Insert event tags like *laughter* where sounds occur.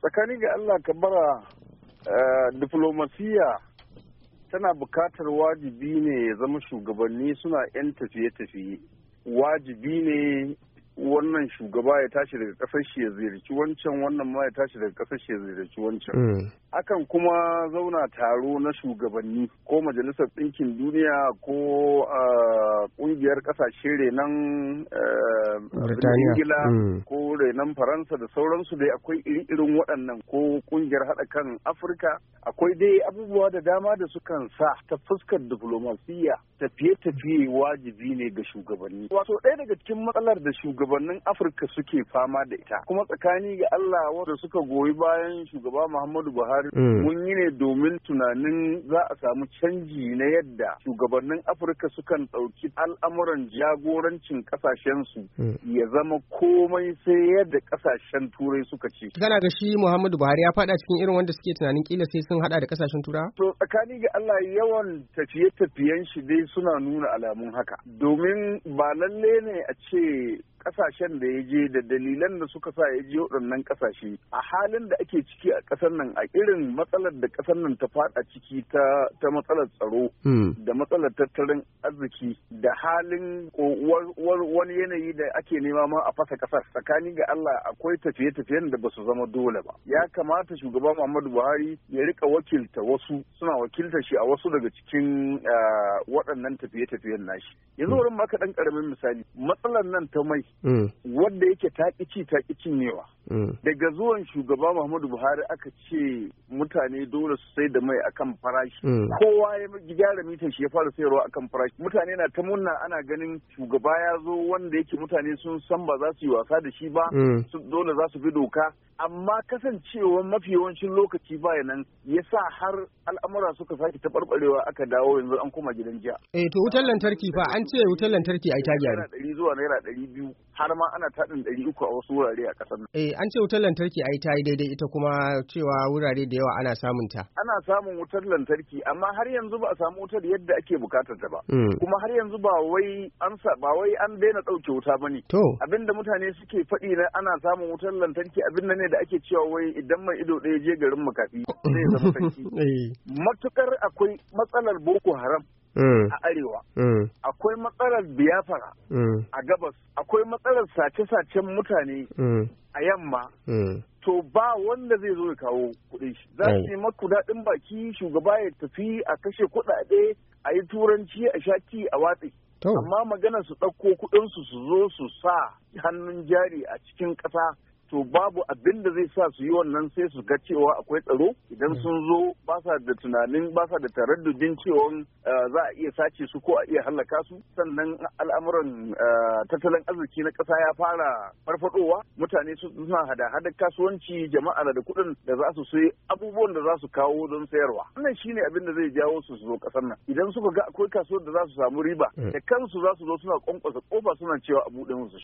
tsakani ga Allah ka bara eh, diplomasiya tana bukatar wajibi ne ya zama shugabanni suna 'yan tafiye-tafiye wajibi ne wannan shugaba ya tashi daga kasar shi ya ziyarci wancan wannan ma ya tashi daga kasar shi ya ziyarci wancan mm. akan kuma zauna taro na shugabanni ko majalisar ɗinkin duniya ko eh, ƙungiyar ƙasashe renan eh, ingila mm. ko nan faransa da sauransu dai akwai irin waɗannan ko kungiyar haɗa kan afirka akwai dai abubuwa da dama da sukan sa ta fuskar diflomasiyya tafiye-tafiye wajibi ne ga shugabanni wato ɗaya daga cikin matsalar da shugabannin afirka suke fama da ita kuma tsakani ga allah wanda suka goyi bayan shugaba muhammadu buhari mm. mun yi ne domin tunanin za a samu canji na yadda shugabannin afirka sukan ɗauki al'amuran jagorancin ƙasashensu mm. ya zama komai sai yadda ƙasashen turai suka ce Gana da shi muhammadu Buhari ya faɗa cikin irin wanda suke tunanin kila sai sun haɗa da kasashen Turawa? To tsakani ga Allah yawan tafiye-tafiyen shi dai suna nuna alamun haka. Domin ba lalle ne a ce kasashen da ya je da dalilan da suka sa ya je waɗannan kasashe a halin da ake ciki a ƙasar nan a irin matsalar da ƙasar nan ta faɗa ciki ta matsalar tsaro hmm. da matsalar tattalin arziki da halin wani yanayi da ake nema ma a fasa ƙasar tsakani ga Allah akwai tafiye-tafiyen da ba su zama dole ba ya kamata shugaba Muhammadu Buhari ya rika wakilta wasu suna wakilta shi a wasu daga cikin eh, waɗannan tafiye-tafiyen nashi yanzu wurin maka ɗan ƙaramin misali matsalar nan ta mai Mm. wadda yake taƙici taƙici newa mm. daga zuwan shugaba muhammadu buhari aka ce mutane dole su sai da mai akan farashi mm. kowa ya gyara mitan shi ya fara sayarwa akan farashi mutane na ta munna ana ganin shugaba ya zo wanda yake mutane sun san ba za su yi wasa da shi ba dole za su bi doka amma kasancewa mafi yawancin lokaci baya nan ya sa har al'amura suka sake taɓarɓarewa aka dawo yanzu an koma gidan jiya. Eh to wutar lantarki fa an ce wutar lantarki yi ta gyara. Naira ɗari zuwa naira ɗari biyu har ma ana taɗin ɗari uku a wasu wurare a ƙasar nan. Eh an ce wutar lantarki ai ta yi daidai ita kuma cewa wurare da yawa ana samun ta. Ana samun wutar lantarki amma har yanzu ba a samu wutar yadda ake bukatar ta ba. Hmm. Kuma har yanzu ba wai an ba wai an daina ɗauke wuta ba ne. To. Abinda mutane suke faɗi na ana samun wutar lantarki abin ne da ake cewa wai idan mai ido ɗaya je garin makafi *laughs* zai zama sarki. Eh. Matukar akwai matsalar Boko Haram Mm. a arewa mm. akwai matsalar biyafara mm. a gabas akwai matsalar sace-sacen mutane a yamma to ba wanda zai zo ya kawo kuɗin shi za su oh. yi maku daɗin baki shugaba ya tafi a kashe kuɗaɗe a yi turanci a shaki a watsi amma magana su ɗauko kuɗinsu su zo su sa hannun jari a cikin ƙasa to babu abin da zai sa su yi wannan sai su ga cewa akwai tsaro idan sun zo ba sa da tunanin ba sa da taraddudin cewa eh, za a iya sace su ko a iya hallaka su sannan al'amuran eh, tattalin arziki na ƙasa ya fara farfadowa mutane suna hada-hada kasuwanci jama'a da kuɗin da za su sai abubuwan da za su kawo don sayarwa wannan shine abin da zai jawo su su zo ƙasar nan idan suka ga akwai kasuwar da za su samu riba hmm. da kansu za su zo suna kwankwasa kofa suna cewa a buɗe musu